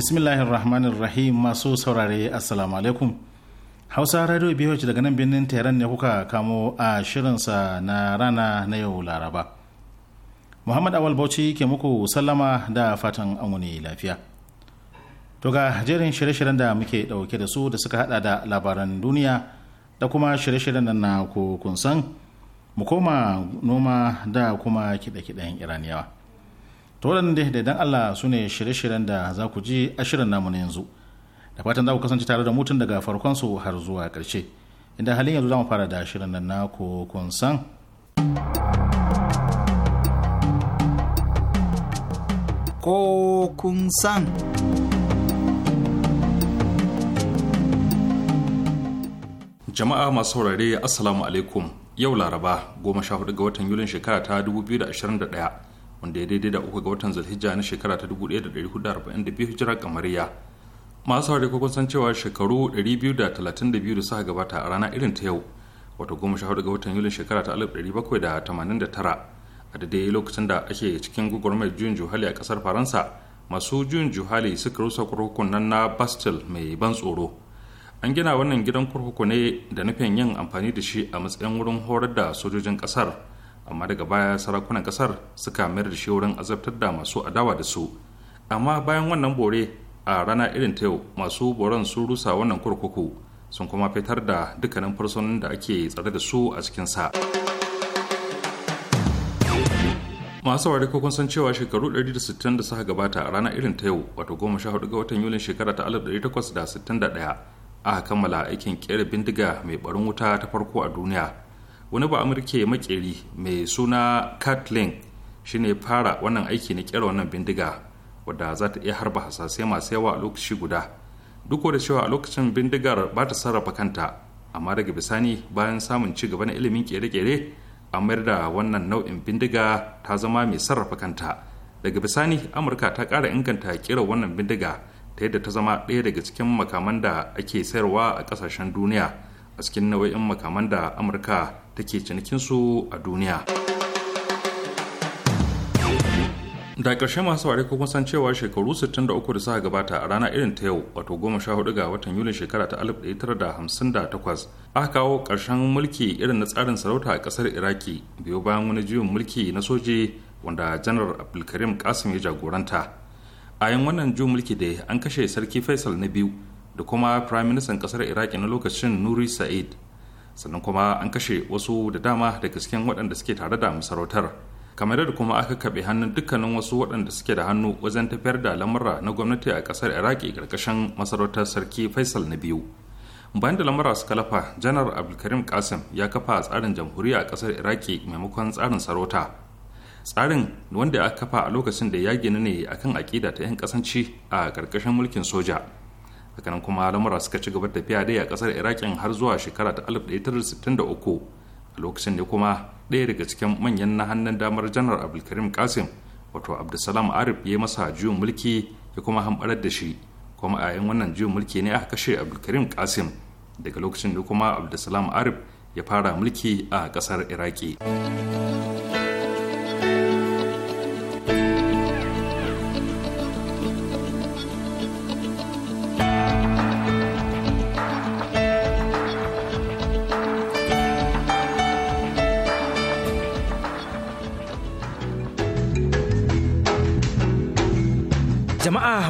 bismillahir rahmanir rahim masu saurare assalamu alaikum hausa radio biyu daga nan birnin tehran ne kuka kamo a shirinsa na rana na yau laraba muhammad awal bauchi ke muku sallama da fatan amuni lafiya to ga jerin shirye-shiryen da muke dauke da su da suka hada da labaran duniya da kuma shirye-shiryen da na kun san mu koma noma da kuma kide-kiden iraniyawa to waɗanda da dan Allah su ne shirye-shiryen da za ku ji a shirin namu na yanzu da fatan za ku kasance tare da mutum daga farkon su har zuwa ƙarshe inda halin yanzu za mu fara da shirin nan na kun san ko kun san jama'a masu saurare assalamu alaikum yau laraba 14 ga watan yulin shekara ta 2021 wanda ya daidai da uku ga watan zulhijja na shekara ta 1442 hijira kamariya masu ko kun san cewa shekaru 232 da suka gabata a rana irin ta yau wato goma sha hudu ga watan yulin shekara ta 1789 a daidai lokacin da ake cikin gugurmar juyin juhali a kasar faransa masu juyin juhali suka rusa kurkukun na bastil mai ban tsoro an gina wannan gidan kurkuku ne da nufin yin amfani da shi a matsayin wurin horar da sojojin kasar amma daga baya sarakunan kasar suka mayar da shi wurin azabtar da masu adawa da su amma bayan wannan bore a rana irin ta yau masu boron sun rusa wannan kurkuku sun kuma fitar da dukkanin fursunan da ake tsare da su a cikinsa masu saurari ko kun san cewa shekaru 160 da suka gabata a rana irin ta yau wato 14 ga watan yulin shekara ta 1861 aka kammala aikin kera bindiga mai barin wuta ta farko a duniya wani ba amurke makeri mai suna kathleen shine fara wannan aiki na kera wannan bindiga wadda za ta iya harba hasasai masu yawa a lokaci guda duk da cewa a lokacin bindigar ba ta sarrafa kanta amma daga bisani bayan samun ci gaba na ilimin kere-kere a mayar da wannan nau'in bindiga ta zama mai sarrafa kanta daga bisani amurka ta ƙara inganta kera wannan bindiga ta yadda ta zama ɗaya daga cikin makaman da ake sayarwa a ƙasashen duniya a cikin nau'in makaman da amurka da ke cinikinsu a duniya. da ƙarshe masu ware kuma san cewa shekaru 63 da suka gabata a rana irin ta yau wato 14 ga watan yulin shekara ta 1958 aka kawo ƙarshen mulki irin na tsarin sarauta a ƙasar iraki biyo bayan wani juyin mulki na soji wanda janar abdulkarim kasim ya jagoranta a yin wannan juyin mulki da an kashe sarki faisal na biyu da kuma firaministan ƙasar iraki na lokacin nuri sa'id sannan kuma an kashe wasu da dama daga cikin waɗanda suke tare da masarautar kamar da kuma aka kaɓe hannun dukkanin wasu waɗanda suke da hannu wajen tafiyar da lamura na gwamnati a ƙasar iraki ƙarƙashin masarautar sarki faisal na biyu bayan da lamura suka lafa janar abdulkarim kasim ya kafa tsarin jamhuriya a ƙasar iraki maimakon tsarin sarauta tsarin wanda aka kafa a lokacin da ya gina ne akan aƙida ta 'yan ƙasanci a ƙarƙashin mulkin soja nan kuma lamura suka ci gaba tafiya dai a kasar irakin har zuwa shekara ta 1963 a lokacin da kuma ɗaya daga cikin manyan na hannun damar janar abdulkarim kasim wato abdulsalam arif ya masa juyin mulki ya kuma hamɓarar da shi kuma a yayin wannan juyin mulki ne aka kashe abdulkarim kasim daga lokacin da kuma abdulsalam arif ya fara mulki a kasar iraƙi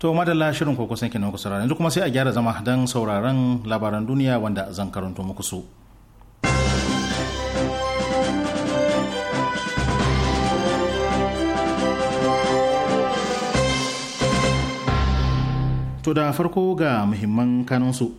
to madalla shirin ko kusan kenan kusa yanzu kuma sai a gyara zama don sauraron labaran duniya wanda zan karanto muku su to da farko ga muhimman kanunsu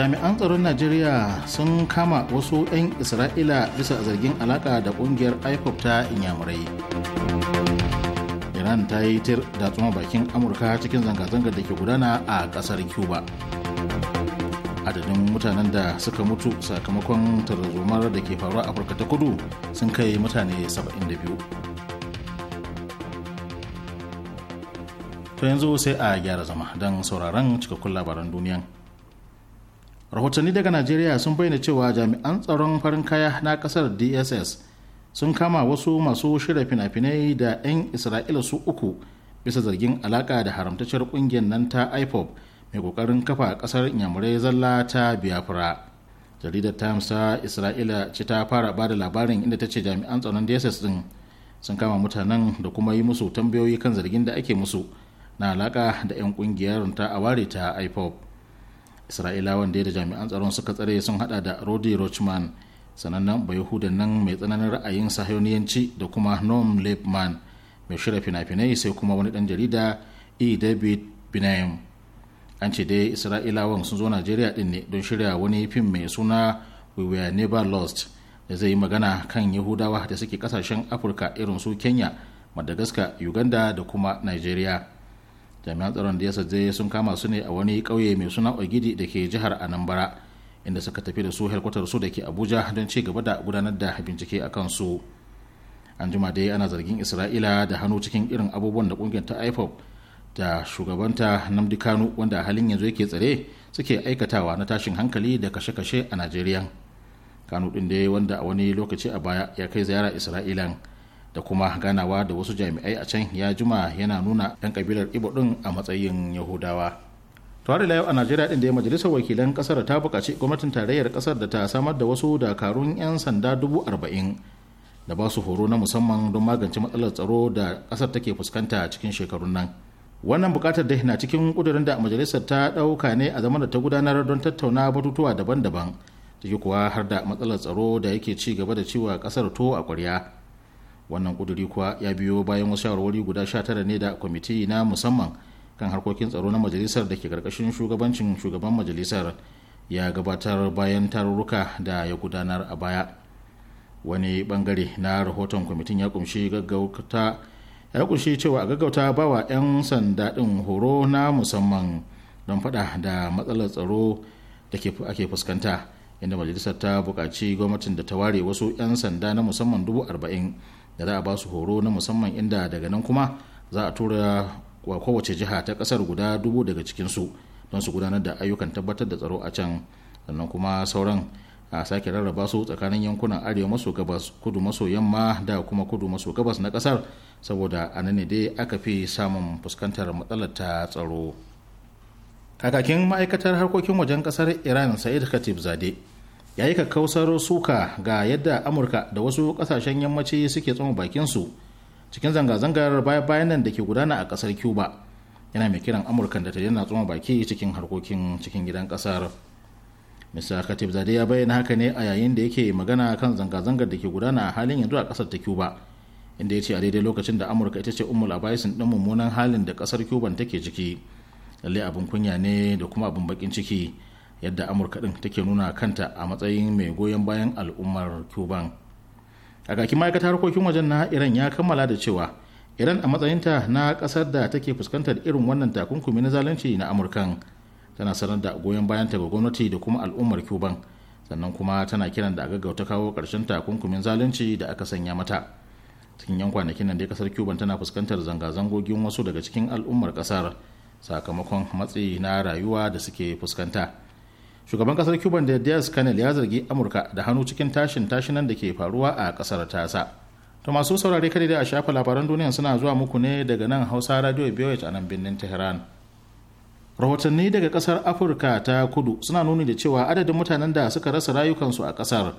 jami'an tsaron najeriya sun kama wasu 'yan isra'ila bisa zargin alaka da kungiyar ipop ta inyamurai iran ta yi tir da tsoma bakin amurka cikin zanga-zangar da ke gudana a kasar cuba adadin mutanen da suka mutu sakamakon tarzomar da ke faruwa afirka ta kudu sun kai mutane 72 to yanzu sai a gyara zama don sauraron cikakkun labaran duniyan. rahotanni daga najeriya sun bayyana cewa jami'an tsaron farin kaya na kasar dss sun kama wasu masu shirya fina-finai da 'yan isra'ila su uku bisa zargin alaka da haramtacciyar kungiyar nan ta ipob mai kokarin kafa kasar nyamurai zalla ta biafra jaridar times ta isra'ila ce ta fara bada labarin inda ta ce jami'an tsaron dss din sun kama mutanen da kuma yi musu tambayoyi kan zargin da ake musu na alaka da 'yan kungiyar ta aware ta ipob isra'ilawan da da jami'an tsaron suka tsare sun hada da rodi rochman sanannen bayahudan nan mai tsananin ra'ayin sahiyoniyanci da kuma noam lebman mai shirya fina-finai sai kuma wani dan jarida e david binayim an ce dai isra'ilawan sun zo najeriya din ne don shirya wani fim mai suna we were never lost da zai yi magana kan yahudawa da suke kasashen afirka irin su kenya madagascar uganda da kuma nigeria jami'an tsaron da ya sajje sun kama su ne a wani kauye mai suna ogidi da ke jihar anambra inda suka tafi da su helkwatar su da ke abuja don ci gaba da gudanar da bincike a kansu an jima dai ana zargin isra'ila da hannu cikin irin abubuwan da kungiyar ta ipop da shugabanta namdi kanu wanda halin yanzu yake tsare suke aikatawa na tashin hankali da kashe-kashe a najeriya kanu din dai wanda a wani lokaci a baya ya kai ziyara isra'ilan da kuma ganawa da wasu jami'ai a can ya juma yana nuna 'yan kabilar ibo din a matsayin yahudawa tare da yau a najeriya din da ya majalisar wakilan kasar ta bukaci gwamnatin tarayyar kasar da ta samar da wasu dakarun 'yan sanda dubu arba'in da ba su horo na musamman don magance matsalar tsaro da kasar take fuskanta cikin shekarun nan wannan bukatar da na cikin kudurin da majalisar ta dauka ne a zaman da ta gudanar don tattauna batutuwa daban-daban ciki kuwa har da matsalar tsaro da yake ci gaba da ciwa kasar to a kwarya wannan kuduri kuwa ya biyo bayan wasu shawarwari guda 19 ne da kwamiti na musamman kan harkokin tsaro na majalisar da ke karkashin shugabancin shugaban majalisar ya gabatar bayan tarurruka da ya gudanar a baya wani bangare na rahoton kwamitin ya kunshi gaggauta ya kunshi cewa a gaggauta bawa 'yan sanda ɗin horo na musamman don fada da matsalar tsaro da ake fuskanta inda majalisar ta buƙaci gwamnatin da ta ware wasu 'yan sanda na musamman dubu arba'in da za a ba su horo na musamman inda daga nan kuma za a tura wa kowace jiha ta kasar guda dubu daga cikinsu don su gudanar da ayyukan tabbatar da tsaro a can sannan kuma sauran a sake rarraba su tsakanin yankunan arewa maso gabas kudu maso yamma da kuma kudu maso gabas na kasar saboda a nan ne dai aka fi samun fuskantar matsalar ta tsaro kakakin ma'aikatar harkokin wajen kasar iran sa'id khatib zade ya yi kakkausar suka ga yadda amurka da wasu kasashen yammaci suke tsoma bakinsu cikin zanga-zangar baya-bayan nan da ke gudana a kasar cuba yana mai kiran amurka da ta yana tsoma baki cikin harkokin cikin gidan kasar mr khatib zade ya bayyana haka ne a yayin da yake magana kan zanga-zangar da ke gudana a halin yanzu a kasar ta cuba inda ya ce a daidai lokacin da amurka ita ce umul abaisin din mummunan halin da kasar cuban take ciki lallai abin kunya ne da kuma abin bakin ciki yadda amurka ɗin take nuna kanta a matsayin mai goyon bayan al'ummar cuban a kaki ma'aikatar harkokin wajen na iran ya kammala da cewa iran a matsayinta na kasar da take fuskantar irin wannan takunkumi na zalunci na amurkan tana sanar da goyon bayanta ga gwamnati da kuma al'ummar cuban sannan kuma tana kiran da a ta kawo ƙarshen takunkumin zalunci da aka sanya mata cikin yan kwanakin nan dai kasar cuban tana fuskantar zanga-zangogin wasu daga cikin al'ummar kasar sakamakon matsi na rayuwa da suke fuskanta shugaban kasar cuban da diaz canel ya zargi amurka da hannu cikin tashin tashinan da ke faruwa a kasar tasa to masu saurare kada da a shafa labaran duniya suna zuwa muku ne daga nan hausa radio biyoyi a nan birnin tehran rahotanni daga kasar afirka ta kudu suna nuni da cewa adadin mutanen da suka rasa rayukansu a kasar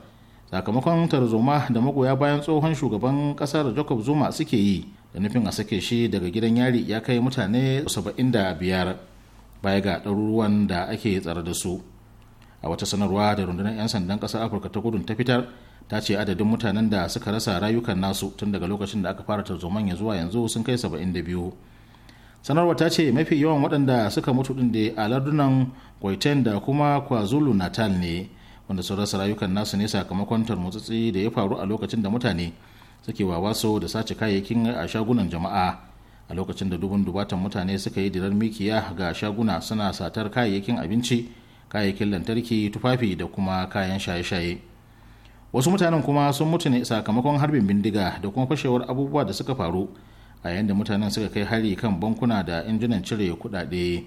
sakamakon tarzoma da magoya bayan tsohon shugaban kasar jacob zuma suke yi da nufin a sake shi daga gidan yari ya kai mutane 75 baya ga ɗaruruwan da ake tsare da su a wata sanarwa da rundunar 'yan sandan ƙasar afirka ta gudun ta fitar ta ce adadin mutanen da suka rasa rayukan nasu tun daga lokacin da aka fara tarzoman ya zuwa yanzu sun kai saba'in da biyu sanarwar ta ce mafi yawan waɗanda suka mutu ɗin da a lardunan kwaiten da kuma kwazulu natal ne wanda sun rasa rayukan nasu ne sakamakon tarmutsutsi da ya faru a lokacin da mutane suke wawaso da sace kayayyakin a shagunan jama'a a lokacin da dubun dubatan mutane suka yi dirar mikiya ga shaguna suna satar kayayyakin abinci kayayyakin lantarki tufafi da kuma kayan shaye-shaye wasu mutanen kuma sun mutu ne sakamakon harbin bindiga da kuma fashewar abubuwa da suka faru a yayin da mutanen suka kai hari kan bankuna da injinan cire kuɗaɗe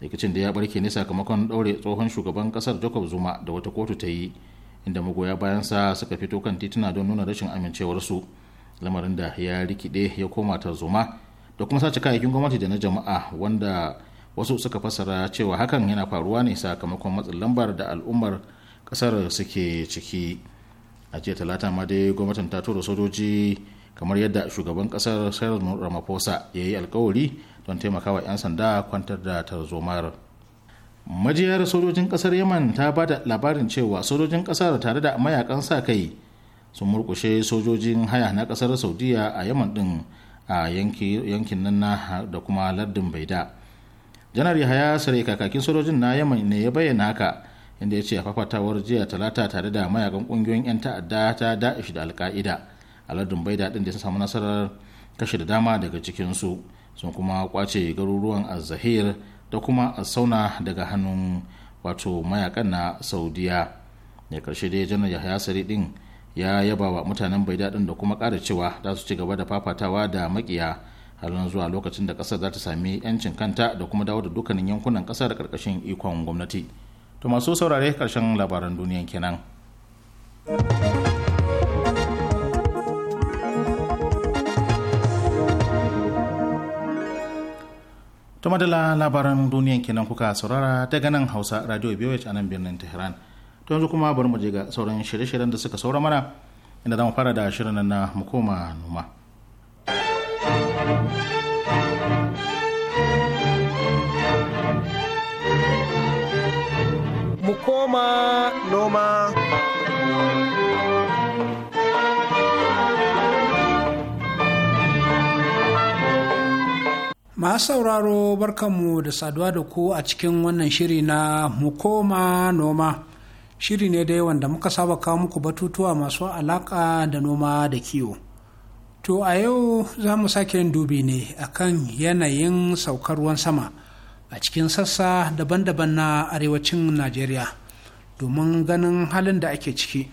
rikicin da ya barke ne sakamakon ɗaure tsohon shugaban ƙasar jacob zuma da wata kotu ta yi inda magoya sa suka fito kan tituna don nuna rashin amincewarsu lamarin da ya rikide ya koma ta zuma da kuma sace kayayyakin gwamnati da na jama'a wanda wasu suka fassara cewa hakan yana faruwa ne sakamakon matsin lambar da al'ummar kasar suke ciki a jiya talata ma dai gwamnatin ta tura sojoji kamar yadda shugaban kasar sarar ramaphosa ya yi alkawari don taimakawa 'yan sanda kwantar da tarzomar majiyar sojojin kasar yaman ta ba da labarin cewa sojojin kasar tare da mayakan sa kai sun murkushe sojojin haya na kasar saudiya a yaman din a yankin nan da kuma lardin baida janar yahaya sare kakakin sojojin na yaman ne ya bayyana haka inda ya ce a fafatawar jiya talata tare da mayakan kungiyoyin 'yan ta'adda ta da'ish da alka'ida aladun bai daɗin da ya samu nasarar kashe da dama daga cikinsu sun kuma kwace garuruwan azahir da kuma asauna daga hannun wato mayakan na saudiya da karshe dai janar yahaya sare din ya yaba wa mutanen bai daɗin da kuma kara cewa za su ci gaba da fafatawa da makiya har zuwa lokacin da kasar za ta sami 'yancin kanta da kuma dawo da dukkanin yankunan da karkashin ikon gwamnati to masu saurare karshen labaran duniyan kenan to madala labaran duniyan kenan kuka saurara ta ganin hausa radio biyu a nan birnin tehran to yanzu kuma bari mu je ga sauran shirye-shiryen da suka saura mana inda zamu fara da shirin na mukoma koma noma Mu koma noma. Masu sauraro barkanmu da saduwa da ku a cikin wannan shiri na mukoma noma. Shiri ne da yawan da muka saba kawo muku batutuwa masu alaƙa da noma da kiwo. To a yau za mu sake yin dubi ne akan yanayin saukar ruwan sama a cikin sassa daban-daban na arewacin Najeriya domin ganin halin da ake ciki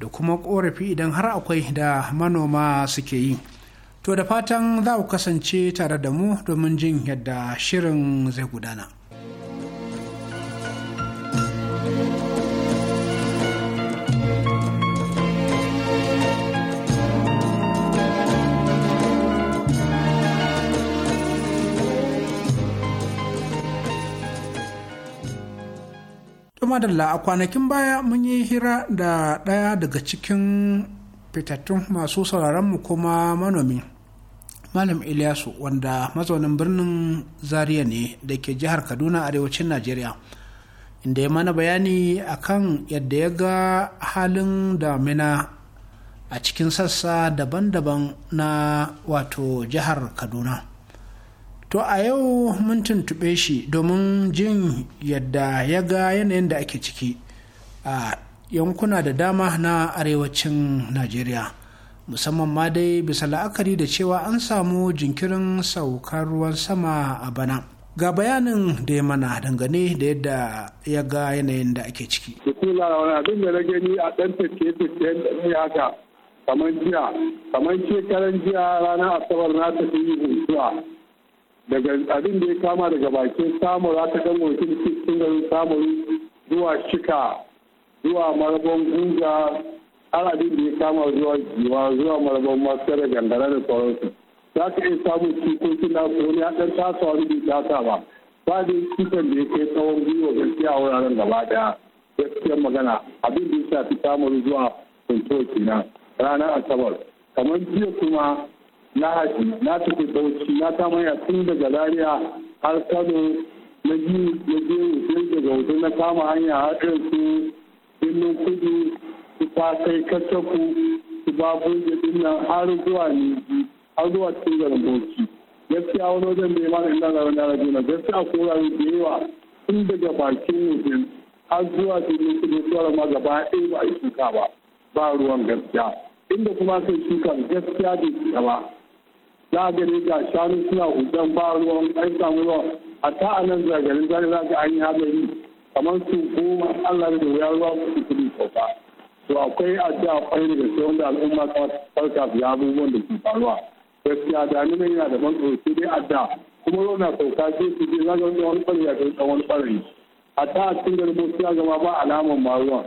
da kuma korafi idan har akwai da manoma suke yi. To da fatan za ku kasance tare da mu domin jin yadda shirin zai gudana. Tumadalla a kwanakin baya mun yi hira da ɗaya daga cikin fitattun masu sauraronmu kuma manomi. Malam Ilyasu wanda mazaunin birnin Zaria ne da ke jihar Kaduna arewacin Najeriya. Inda ya mana bayani akan yadda ya ga halin damina a cikin sassa daban-daban na wato jihar Kaduna. To a yau mun tuntuɓe shi domin jin yadda ya ga yanayin da ake ciki a yankuna da dama na arewacin Najeriya. Musamman ma dai bisa la'akari da cewa an samu jinkirin saukar ruwan sama a bana. Ga bayanin da ya mana dangane da yadda ya ga yanayin da ake ciki. gani a kamar jiya, kamar shekaran jiya ranar Asabar na tafi zuwa daga abin da ya kama daga bakin za ta dan wakil cikin garin zuwa shika zuwa marabon guga har abin da ya kama zuwa jiwa zuwa marabon da gangara da sauransu za ka iya samun cikokin na wani ya dan tasa da bai tasa ba ba da cikin da ya kai tsawon gwiwa gaskiya a wuraren gaba daya gaskiyar magana abin da ya shafi Samaru zuwa kuntuwa ranar asabar kamar jiya kuma na haji na tafi bauchi na ta ya tun daga zaria har kano na biyu na biyu wuce daga wuce na kama hanya har su birnin kudu su fasai kacaku su babun da nan har zuwa niji har zuwa cikin garin bauchi gaskiya wani wajen da ya mana ina da wani yara juna gaskiya ko rayu da yawa tun daga bakin wuce har zuwa birnin kudu zuwa ma gaba ɗaya ba a shuka ba ba ruwan gaskiya inda kuma sai shuka gaskiya da shi ba za a gani da shanu suna hujjan ba ruwan ɗan samu ruwa a ta a nan zagarin zai za ka an yi hadari kamar su goma allah da wuya ruwa su kudu kofa to akwai addu'a kwarai da gaske wanda al'umma ta farka ya abubuwan da su faruwa gaskiya da ni yana da ban tsoro dai dai addu'a kuma ruwa na sauka sai su je zaga wani ɓarya ga wani ɓarri a ta a cikin garin motsi ya gama ba alamar ma ruwan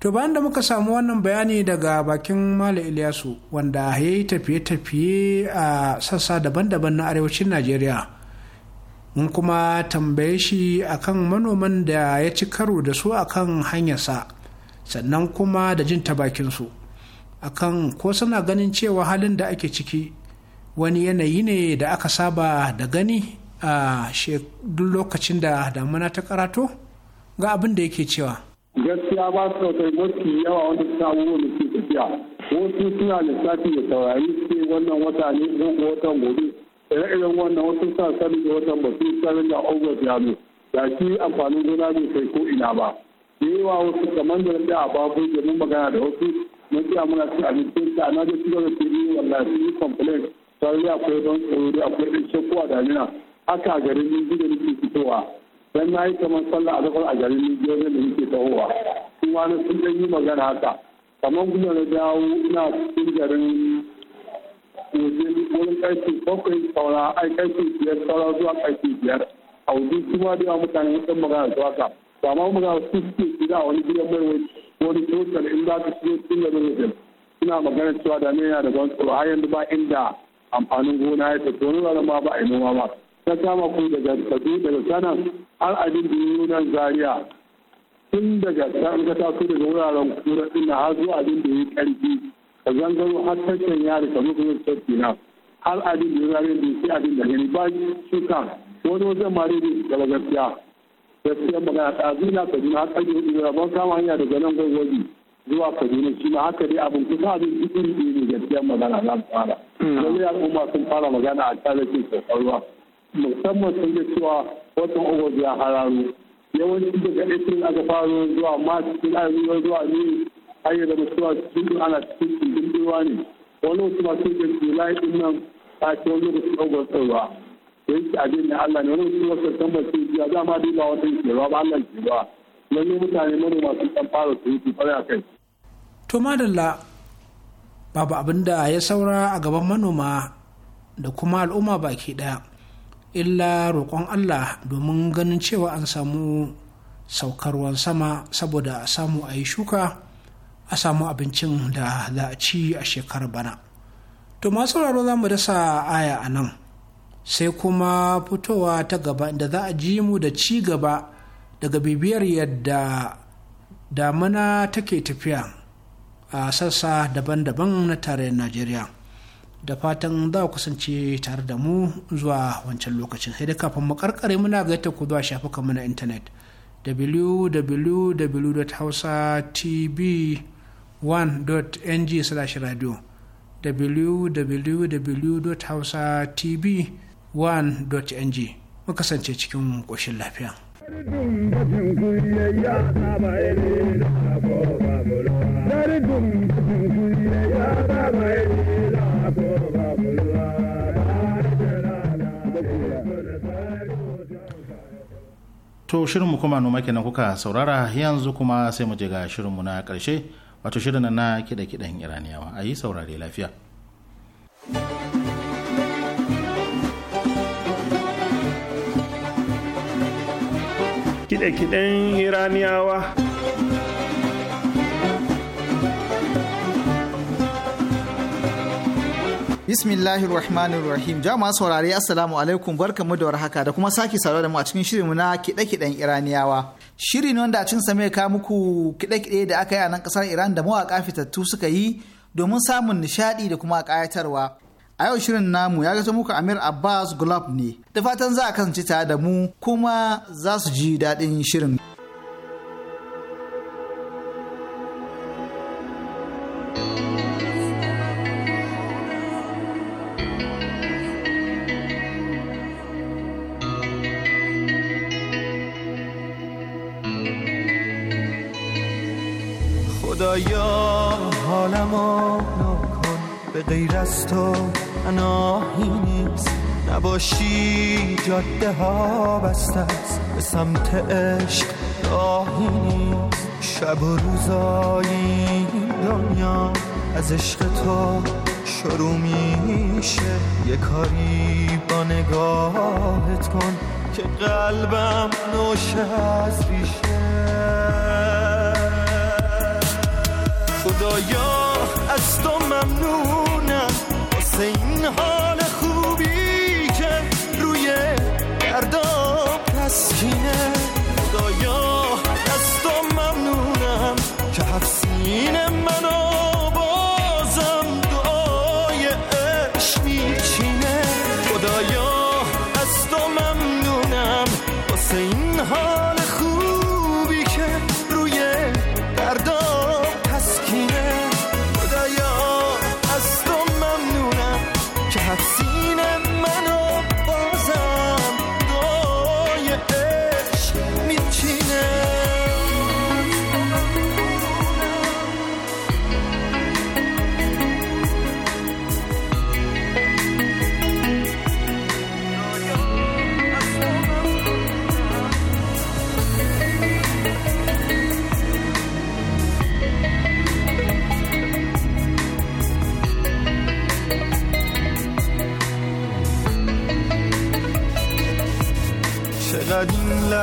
To bayan da muka samu wannan bayani daga bakin Malam Ilyasu wanda ya yi tafiye-tafiye a sassa daban-daban na arewacin Najeriya. Mun kuma tambaye shi akan manoman da ya ci karo da su akan hanyarsa sannan kuma da jin ta bakinsu akan ko suna ganin cewa halin da ake ciki wani yanayi ne da aka saba da gani a duk lokacin da damuna ta karato ga abin da yake cewa. gaskiya ba su da mafi yawa wanda su abubuwan da ke tafiya wasu suna lissafi da saurari ke wannan wata ne ko watan gobe ire-iren wannan wasu sa sani da watan ba su n da august ya zo da shi amfanin gona bai kai ko ina ba da yawa wasu kamar da da a babu domin magana da wasu mun tsaya muna a ta na ga su wallahi su yi don tsoro akwai da dan na yi kamar sallah a zafar a garin Nijeriya da nake tahowa sun wani sun ɗan yi magana haka kamar gudu na dawo ina cikin garin wajen wurin ƙarfe bakwai saura ai ƙarfe biyar saura zuwa ƙarfe biyar a wajen kuma da yawa mutane sun magana zuwa ka ba ma magana su suke gida wani gidan mai wani tosar in za ka shigo cikin garin wajen suna magana cewa da ne yana da ban tsoro har yanzu ba inda amfanin gona ya tafi wani ma ba a yi noma ba ta kama ku daga tafi daga sanan har abin da yi nan zariya tun daga sa'an ka taso daga wuraren kura ina har zuwa abin da yi karfi ka zangaro har tashin yari ka mutu yin tafi na har abin da yi zaria da yi abin da gani ba suka wani wajen ma da daga gaskiya gaskiya magana ta zina kaduna har ƙarfi da da ban kama hanya daga nan gwagwaji zuwa kaduna shi ma haka dai abin kusa abin iri ne gaskiya magana za su fara. Wani hmm. al'umma sun fara magana a kyalakin sauƙar musamman sun ga cewa watan ogos ya hararu yawanci daga april aka faro zuwa march cikin arewa zuwa ne har yi zama cewa cikin ana cikin cikin ruwa ne wani wasu masu da july din nan a ce wani wasu ogos ɗin ruwa da yake abin da allah ne wani wasu wasu september sun a za ma duba wata ke ruwa ba allah ke ruwa wani mutane manoma masu ɗan fara su yi kwarai a kai. to madalla babu abin da ya saura a gaban manoma da kuma al'umma baki ɗaya. illa roƙon allah domin ganin cewa an samu saukarwan sama saboda a samu a yi shuka a samu abincin da za a ci a shekarar bana to masu sauraro za mu dasa aya a nan sai kuma fitowa ta gaba da za a ji mu da ci gaba daga bibiyar yadda damuna take tafiya a sassa daban-daban na tarayyar najeriya da fatan za ku kasance tare da mu zuwa wancan lokacin sai da kafin mu karkare muna ga ku zuwa shafukan mu na intanet www.hausatv1.ng/radio www.hausatv1.ng mu kasance cikin ƙoshin lafiya. Dari dum To shirinmu kuma noma kenan kuka saurara yanzu kuma sai mu je ga shirinmu na ƙarshe wato shirin na kiɗa kiɗan Iraniyawa a yi saurare lafiya. Kiɗe-kiɗen Iraniyawa. Bismillahir Rahmanir Rahim. Jama'a saurare Assalamu alaikum barkamu da warhaka da kuma sake saurare da mu a cikin shirinmu na kiɗe-kiɗen Iraniyawa. Shiri ne wanda a cikin same ka muku kiɗe-kiɗe da aka yi a nan ƙasar Iran da mawaƙa fitattu suka yi domin samun nishaɗi da kuma kayatarwa. A yau shirin namu ya gato muku Amir Abbas Gulab ne. Da fatan za a kasance tare da mu kuma za su ji daɗin shirin. خدایا حالم نکن به غیر از تو اناهی نیست نباشی جاده ها بسته است به سمت عشق راهی نیست شب و روزایی دنیا از عشق تو شروع میشه یه کاری با نگاهت کن که قلبم نوشه از ریشه خدایا از تو ممنونم واسه این حال خوبی که روی گرداب تسکینه خدایا از تو ممنونم که حفظین منو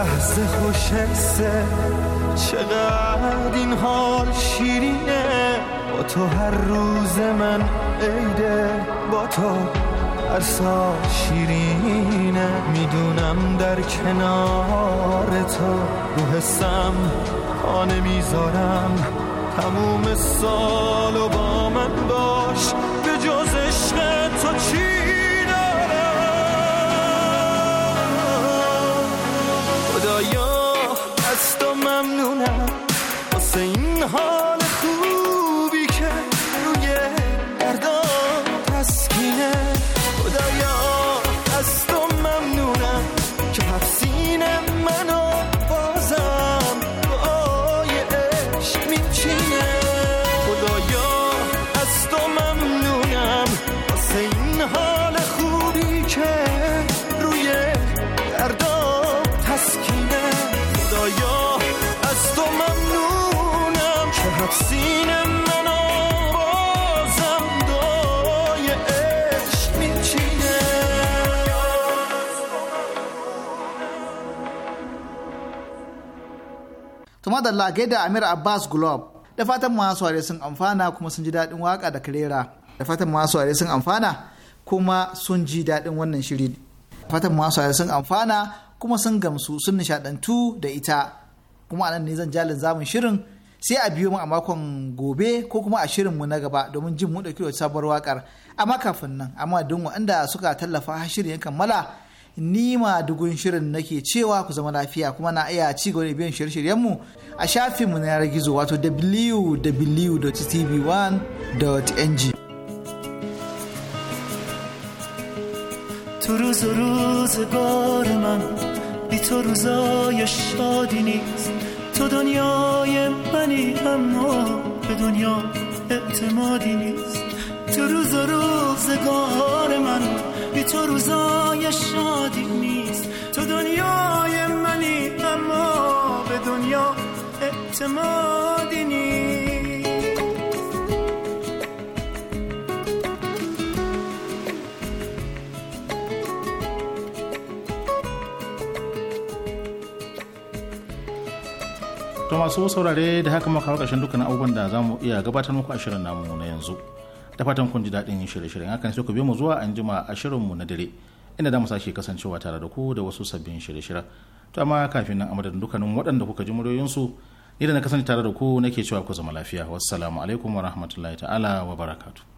لحظه حسه چقدر این حال شیرینه با تو هر روز من عیده با تو هر سال شیرینه میدونم در کنار تو رو حسم میزارم میذارم تموم سال و با من باش heart. سینه من Tuma da lage da Amir Abbas Glob da fatan masu sun amfana kuma sun ji daɗin waka da karera da fatan masu sun amfana kuma sun ji daɗin wannan shiri fatan masu sun amfana kuma sun gamsu sun nishaɗantu da ita kuma anan ne zan jalin zamun shirin sai a biyo mu a makon gobe ko kuma a shirinmu na gaba domin jin mu dauki sabuwar wakar amma kafin nan amma don wanda suka tallafa shirin ya kammala ni ma dugun shirin nake cewa ku zama lafiya kuma na iya ci gaba da biyan shirye mu a shafin mu na yanar gizo wato www.tv1.ng تو روز و روزگار من بی تو روزای شادی نیست تو دنیای منی اما به دنیا اعتمادی نیست تو روز و روزگار من بی تو روزای شادی نیست تو دنیای منی اما به دنیا اعتمادی نیست to masu saurare da haka muka kawo ƙarshen dukkan abubuwan da za mu iya gabatar muku a shirin namu na yanzu da fatan kun ji daɗin shirye-shiryen hakan sai ku biyo mu zuwa an jima a mu na dare inda da mu sake kasancewa tare da ku da wasu sabbin shirye-shiryen to amma kafin nan a madadin dukkanin waɗanda kuka ji muryoyinsu ni da na kasance tare da ku nake cewa ku zama lafiya wassalamu alaikum wa rahmatullahi ta'ala wa barakatu.